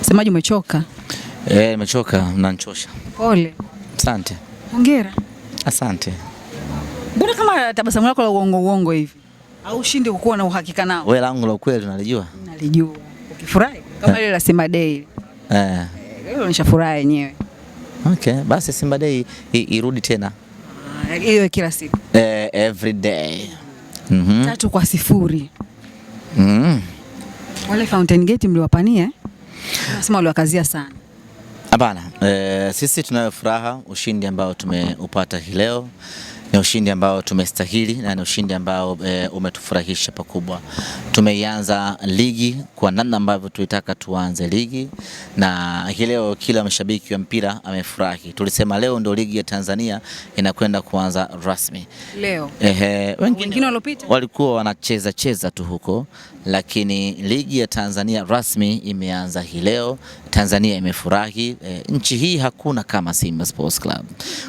Semaji, umechoka? Eh, nimechoka, mnanchosha. Pole. Asante. Hongera. Asante. Mbona kama tabasamu lako la uongo uongo hivi? Au ushindi kukuwa na uhakika nao? Wewe langu la kweli unalijua? Nalijua. Ukifurahi kama eh. ile la Simba Day. Eh. eh. Hilo nishafurahi yenyewe. Okay, basi Simba Day irudi tena. Ah, hiyo kila siku. Eh, every day. Mhm. Mm Tatu kwa sifuri. Mhm. Wale Fountain Gate mliwapania? Eh? Nasema uliwakazia sana. Hapana, e, sisi tunayo furaha ushindi ambao tumeupata hii leo ni ushindi ambao tumestahili na ni ushindi ambao e, umetufurahisha pakubwa. Tumeianza ligi kwa namna ambavyo tulitaka tuanze ligi, na hii leo kila mshabiki wa mpira amefurahi. Tulisema leo ndio ligi ya Tanzania inakwenda kuanza rasmi leo. Ehe, wengine walikuwa wanacheza cheza tu huko, lakini ligi ya Tanzania rasmi imeanza hii leo. Tanzania imefurahi e, nchi hii hakuna kama Simba Sports Club.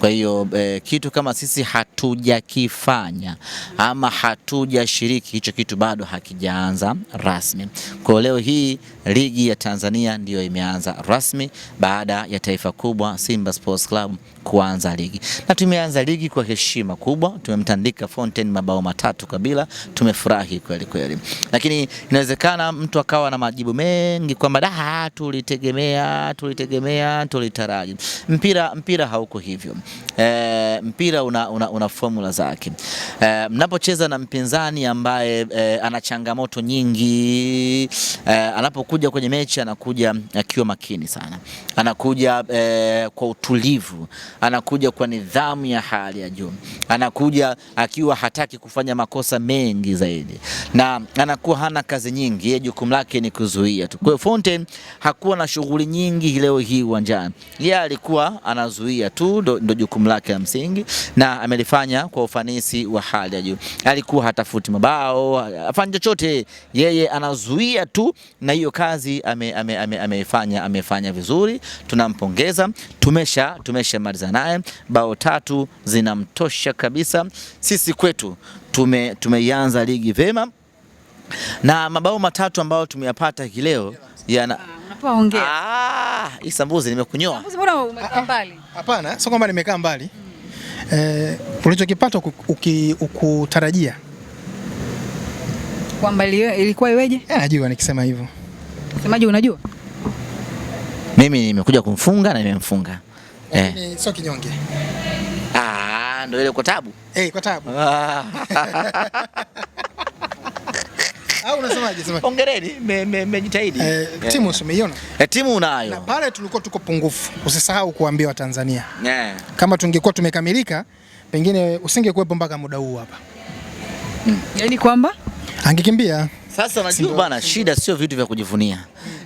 Kwa hiyo e, kitu kama sisi hatujakifanya ama hatujashiriki hicho kitu bado hakijaanza rasmi. Kwa leo hii ligi ya Tanzania ndiyo imeanza rasmi baada ya taifa kubwa Simba Sports Club kuanza ligi, na tumeanza ligi kwa heshima kubwa, tumemtandika Fountain mabao matatu kabila, tumefurahi kweli kweli, lakini inawezekana mtu akawa na majibu mengi kwamba da, tulitegemea tulitegemea tulitaraji. Mpira mpira hauko hivyo e, mpira una, una, una formula zake e, mnapocheza na mpinzani ambaye e, ana changamoto nyingi e, anapokuja kwenye mechi anakuja akiwa makini sana, anakuja e, kwa utulivu, anakuja kwa nidhamu ya hali ya juu, anakuja akiwa hataki kufanya makosa mengi zaidi na anakuwa hana kazi nyingi, yeye jukumu lake ni kuzuia tu. Kwa hiyo Fonte hakuwa na shughuli nyingi leo hii uwanjani, yeye alikuwa anazuia tu, ndo jukumu lake la msingi, na amelifanya kwa ufanisi wa hali ya juu. Alikuwa hatafuti mabao, afanye chochote, yeye anazuia tu, na hiyo kazi ameifanya ame, ame amefanya vizuri, tunampongeza. Tumesha tumeshamaliza naye, bao tatu zinamtosha kabisa. Sisi kwetu tume, tumeianza ligi vema na mabao matatu ambayo tumeyapata hii leo yana Ah, ah sambuzi nimekunyoa. Mbona umekaa mbali? Ah, ah, hapana, sio kwamba nimekaa mbali. Eh, ulichokipata ukutarajia kwamba ilikuwa iweje? Eh, najua nikisema hivyo. Semaje, unajua? Mimi nimekuja kumfunga na nimemfunga. Eh. Sio kinyonge. Ah, ndio ile kwa taabu. Eh, kwa Ah. au unasemaje? Sema hongereni, mmejitahidi. Eh, Timu eh. usimeiona? Eh, timu unayo. Na pale tulikuwa tuko pungufu, usisahau kuambia Watanzania yeah. Kama tungekuwa tumekamilika pengine usingekuwepo mpaka muda huu hapa mm. Yaani kwamba angekimbia sasa najua bana, shida sio vitu vya kujivunia.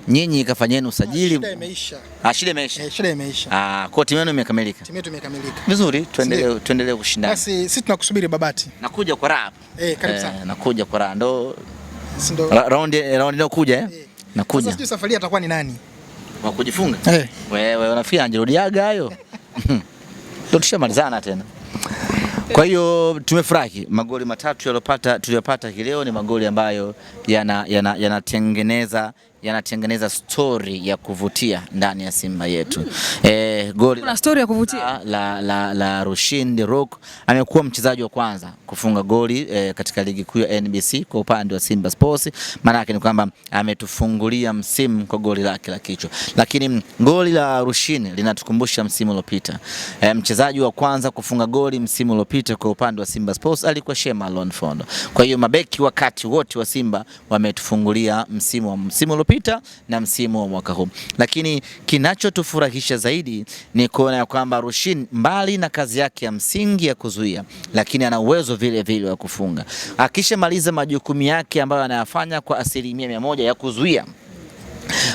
Nyinyi kafanyeni usajili. Ah, shida imeisha. Ah, shida imeisha. Eh, shida imeisha. Ah, kwa timu yenu imekamilika. Timu yetu imekamilika. Vizuri, tuendelee tuendelee kushindana. Basi sisi tunakusubiri Babati. Nakuja kwa raha. Eh, karibu eh, sana. Nakuja kwa raha. Ndio Eh, raundi inayokuja eh? eh. Nakuja. Sasa sijui safari atakuwa ni nani? Wa kujifunga? Eh. Wewe unafikia anajirudiaga hayo. Ndio tushamalizana tena. Kwa hiyo tumefurahi magoli matatu yaliyopata tuliyopata hii leo ni magoli ambayo yanatengeneza yana, yana yanatengeneza story ya kuvutia ndani ya Simba yetu. Eh, goli kuna story ya kuvutia la, la, la Rushin De Rock amekuwa mchezaji wa kwanza kufunga goli e, katika ligi kuu ya NBC kwa upande wa Simba Sports. Maana yake ni kwamba ametufungulia msimu kwa goli lake la kichwa, lakini goli la Rushin linatukumbusha msimu uliopita e, mchezaji wa kwanza kufunga goli msimu uliopita kwa upande wa Simba Sports alikuwa Shema Lonfondo. Kwa hiyo mabeki wakati wote wa Simba wametufungulia msimu wa msimu uliopita na msimu wa mwaka huu, lakini kinachotufurahisha zaidi ni kuona ya kwamba Rushin mbali na kazi yake ya msingi ya kuzuia, lakini ana uwezo vile vile wa kufunga. Akishamaliza majukumu yake ambayo anayafanya kwa asilimia mia moja ya kuzuia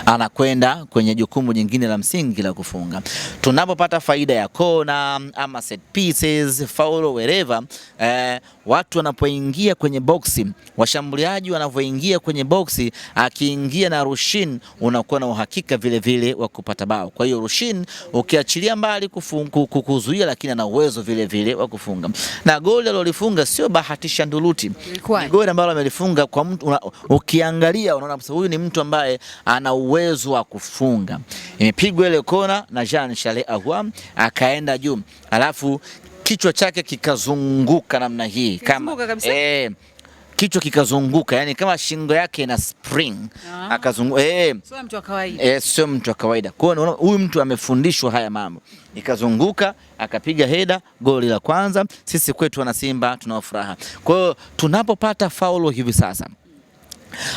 anakwenda kwenye jukumu jingine la msingi la kufunga. Tunapopata faida ya kona ama set pieces, foul wherever, eh, watu wanapoingia kwenye boxi, washambuliaji wanavyoingia kwenye boxi, akiingia na rushin, unakuwa na uhakika vile vile wa kupata bao. Kwa hiyo rushin ukiachilia mbali kukuzuia, lakini ana uwezo vile vile wa kufunga. Na goli alilolifunga sio bahatisha nduluti, ni goli ambalo amelifunga kwa mtu, ukiangalia unaona huyu ni mtu ambaye ana ana uwezo wa kufunga. Imepigwa ile kona na Jean Charles Ahoua akaenda juu, alafu kichwa chake kikazunguka namna hii kama eh, kichwa kikazunguka, yani kama shingo yake ina spring ah. akazunguka. Eh, sio mtu wa kawaida eh, sio mtu wa kawaida. Kwa hiyo huyu mtu amefundishwa haya mambo, ikazunguka akapiga heda, goli la kwanza. Sisi kwetu wana Simba tunao furaha. Kwa hiyo tunapopata faulo hivi sasa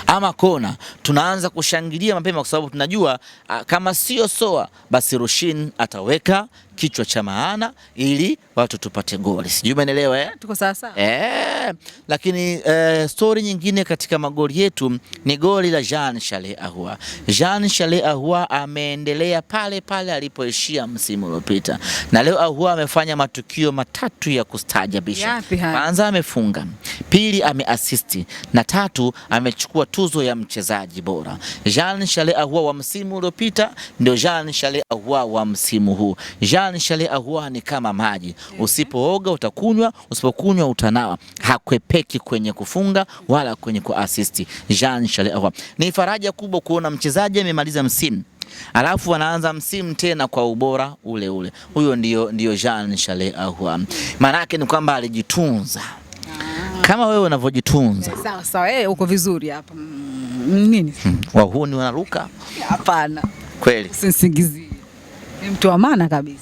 ama kona, tunaanza kushangilia mapema kwa sababu tunajua a, kama sio Soa basi Rushin ataweka kichwa cha maana ili watu tupate goli. Sijui umeelewa eh? Tuko sawa sawa. Eh, lakini e, stori nyingine katika magoli yetu ni goli la Jean Charles Ahoua. Jean Charles Ahoua ameendelea pale pale alipoishia msimu uliopita, na leo Ahoua amefanya matukio matatu ya kustajabisha. Kwanza amefunga pili ameasisti na tatu amechukua tuzo ya mchezaji bora. Jean Charles Ahoua wa msimu uliopita ndio Jean Charles Ahoua wa msimu huu. Jean Charles Ahoua ni kama maji, usipooga utakunywa, usipokunywa utanawa. Hakwepeki kwenye kufunga wala kwenye kuasisti. Jean Charles Ahoua ni faraja kubwa kuona mchezaji amemaliza msimu alafu wanaanza msimu tena kwa ubora ule ule. Huyo ndio, ndio Jean Charles Ahoua. Maana yake ni kwamba alijitunza kama wewe unavyojitunza. Sawa sawa, eh, uko vizuri hapa. Mm, nini? Hmm. Wa huo ni wanaruka? Hapana. Kweli. Usisingizie. Ni mtu wa maana kabisa.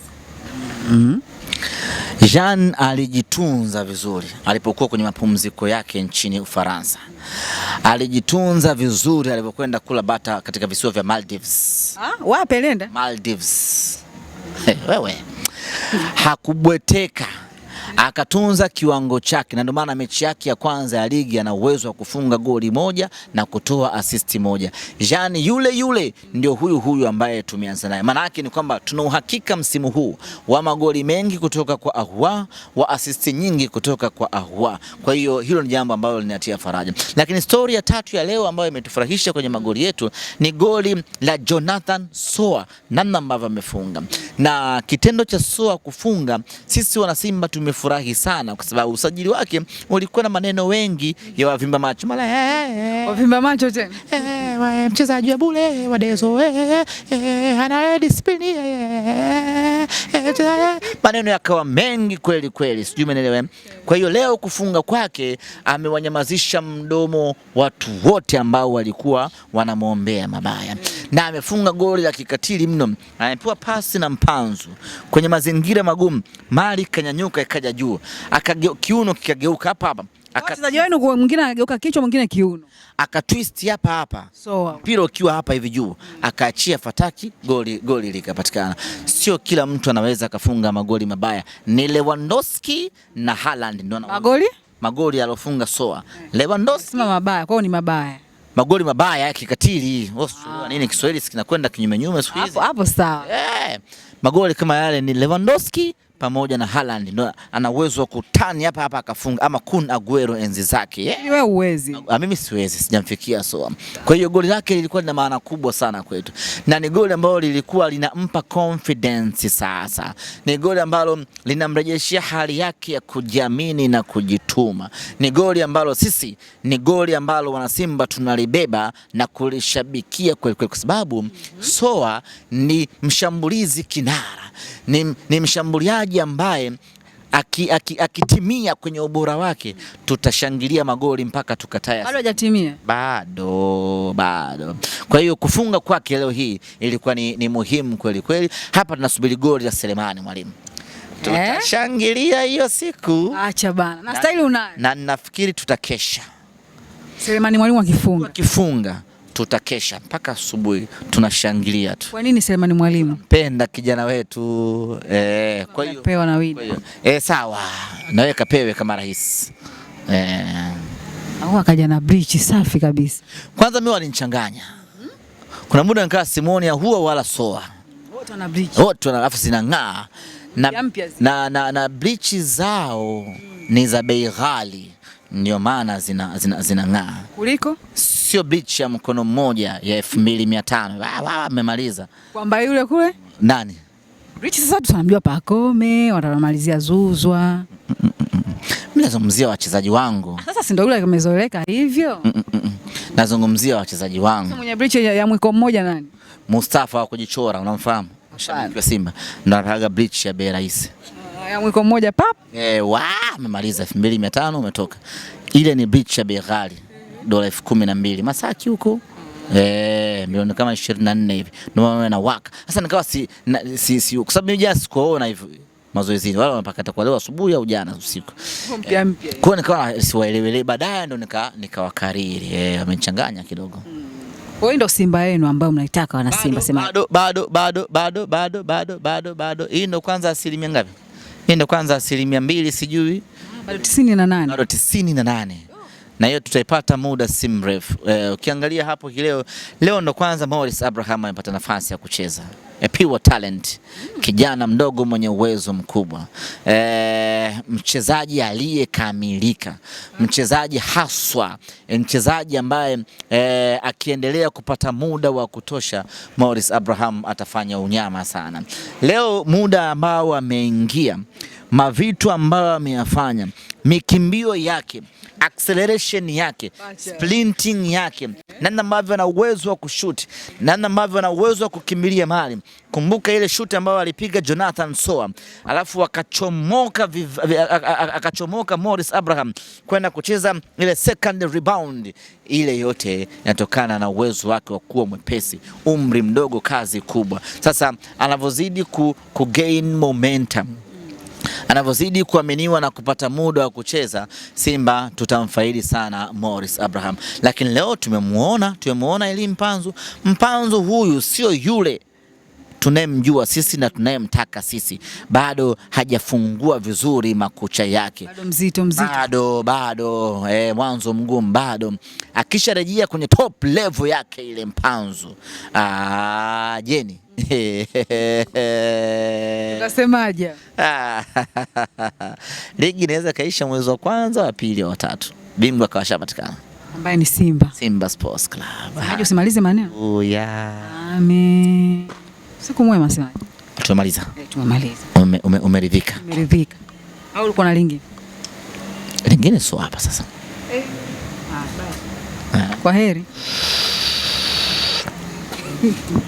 Mm Jean alijitunza vizuri alipokuwa kwenye mapumziko yake nchini Ufaransa. Alijitunza vizuri alipokwenda kula bata katika visiwa vya Maldives. Ah, wapi lenda? Maldives. Hey, eh, wewe. Hakubweteka akatunza kiwango chake, na ndio maana mechi yake ya kwanza ya ligi ana uwezo wa kufunga goli moja na kutoa asisti moja. Jean yule yule ndio huyu huyu ambaye tumeanza naye. Maana yake ni kwamba tuna uhakika msimu huu wa magoli mengi kutoka kwa Ahoua, wa asisti nyingi kutoka kwa Ahoua. Kwa hiyo hilo ni jambo ambalo linatia faraja, lakini stori ya tatu ya leo ambayo imetufurahisha kwenye magoli yetu ni goli la Jonathan Soa, namna ambavyo amefunga na kitendo cha Soa kufunga, sisi wanasimba tumefurahi sana, kwa sababu usajili wake ulikuwa na maneno wengi ya wavimba macho mara eh, eh, eh, wavimba macho tena mchezaji wa bure wa Dezo ana disipline, maneno yakawa mengi kweli kweli, sijui umeelewa. Kwa hiyo leo kufunga kwake amewanyamazisha mdomo watu wote ambao walikuwa wanamwombea mabaya na amefunga goli la kikatili mno, amepewa pasi na Mpanzu kwenye mazingira magumu, mali kanyanyuka ikaja juu, kiuno kikageuka hapa hapa wachezaji wenu mwingine anageuka kichwa, mwingine kiuno, akatwist hapa hapa, so mpira ukiwa hapa hivi juu, akaachia fataki, goli goli likapatikana. Sio kila mtu anaweza akafunga magoli mabaya. Ni Lewandowski na Haaland ndio magoli magoli alofunga soa eh. Lewandowski mabaya kwao, ni mabaya magoli mabaya ya kikatili ah. Nini Kiswahili kinakwenda kinyume nyume siku hizi hapo hapo, sawa eh, magoli kama yale ni Lewandowski pamoja na Haaland ndio ana uwezo wa kutani hapa hapa akafunga, ama Kun Aguero enzi zake yeah. Wewe uwezi, mimi siwezi, sijamfikia so. Kwa hiyo goli lake lilikuwa lina maana kubwa sana kwetu, na ni goli ambalo lilikuwa linampa confidence. Sasa ni goli ambalo linamrejeshia hali yake ya kujiamini na kujituma. Ni goli ambalo sisi, ni goli ambalo wanasimba tunalibeba na kulishabikia kweli kweli, kwa sababu Soa ni mshambulizi kinara, ni, ni mshambuliaji mchezaji ambaye akitimia aki, aki kwenye ubora wake tutashangilia magoli mpaka tukataya. Bado hajatimia. Bado bado. Kwa hiyo kufunga kwake leo hii ilikuwa ni, ni muhimu kweli kweli. Hapa tunasubiri goli la Selemani mwalimu. Tutashangilia hiyo siku. Acha bana. Na staili unayo. Na nafikiri tutakesha. Selemani mwalimu akifunga. Akifunga tutakesha mpaka asubuhi, tunashangilia tu. Kwa nini Selemani Mwalimu? Penda kijana wetu eh, kwa hiyo pewa na widi eh, sawa nawe kapewe kama rahisi eh, au akaja na bridge safi kabisa. Kwanza mimi walinichanganya, kuna muda nikaa ya huwa wala soa wote wana wote wana, alafu zinang'aa na, na, na, na bridge zao ni za bei ghali ndio maana zinang'aa zina, zina kuliko sio bleach ya mkono mmoja ya elfu mbili mia tano mmemaliza kwamba yule kule nani bleach. Sasa tunamjua Pakome, watamalizia Zuzwa. Mimi nazungumzia wachezaji wangu ah, sasa, si ndio yule amezoeleka hivyo. Mm, mm, mm, nazungumzia wachezaji wangu mwenye bleach ya, mkono mmoja nani? Mustafa wa kujichora, unamfahamu? Shabiki wa Simba ndo anataka bleach ya bei rahisi ya mwiko mmoja pap. Eh, wa amemaliza 2500 umetoka. Ile ni beach ya bei dola elfu kumi na mbili Masaki huko Eh, milioni kama 24 hivi. Ndio maana na waka. Sasa nikawa si na, si, si kwa sababu mimi just kuona hivi mazoezini wale wanapakata kwa leo asubuhi au jana usiku mpya mpya. Kwa hiyo nikawa siwaelewele, baadaye ndo nika nikawakariri eh, wamechanganya kidogo. Kwa hiyo ndo Simba yenu ambao mnaitaka wana Simba, sema bado bado bado bado bado bado bado bado. Hii ndo kwanza asilimia ngapi? Yeye ndo kwanza asilimia mbili sijui bado tisini na nane na hiyo tutaipata muda si mrefu. Uh, ukiangalia hapo kileo leo ndo kwanza Morris Abraham amepata nafasi ya kucheza a pure talent, kijana mdogo mwenye uwezo mkubwa e, mchezaji aliyekamilika, mchezaji haswa e, mchezaji ambaye e, akiendelea kupata muda wa kutosha Morris Abraham atafanya unyama sana. Leo muda ambao ameingia mavitu ambayo ameyafanya mikimbio yake, acceleration yake, sprinting yake, namna ambavyo ana uwezo wa kushuti, namna ambavyo ana uwezo wa kukimbilia mali. Kumbuka ile shuti ambayo alipiga Jonathan Soa, alafu akachomoka akachomoka Morris Abraham kwenda kucheza ile second rebound. Ile yote inatokana na uwezo wake wa kuwa mwepesi, umri mdogo, kazi kubwa. Sasa anavyozidi ku, ku gain momentum Anavyozidi kuaminiwa na kupata muda wa kucheza, Simba tutamfaidi sana Morris Abraham, lakini leo tumemuona tumemuona Elie Mpanzu. Mpanzu huyu sio yule tunayemjua sisi na tunayemtaka sisi bado hajafungua vizuri makucha yake, bado mzito, mzito. Bado, bado eh, mwanzo mgumu bado. Akisharejea kwenye top level yake ile Mpanzu ah, Jeni Utasemaje? Ligi inaweza kaisha mwezi wa kwanza wa pili wa tatu, bingwa akawashapatikana ambaye ni Simba, Simba Sports Club. Usimalize maneno. Oh yeah. Amen. Siku mwema sana. Tumemaliza. Eh, Tumemaliza. Ume, ume, Umeridhika? Umeridhika. Au ulikuwa na lingine? Lingine sio hapa sasa. Eh. Ah, basi. Eh. Kwa heri.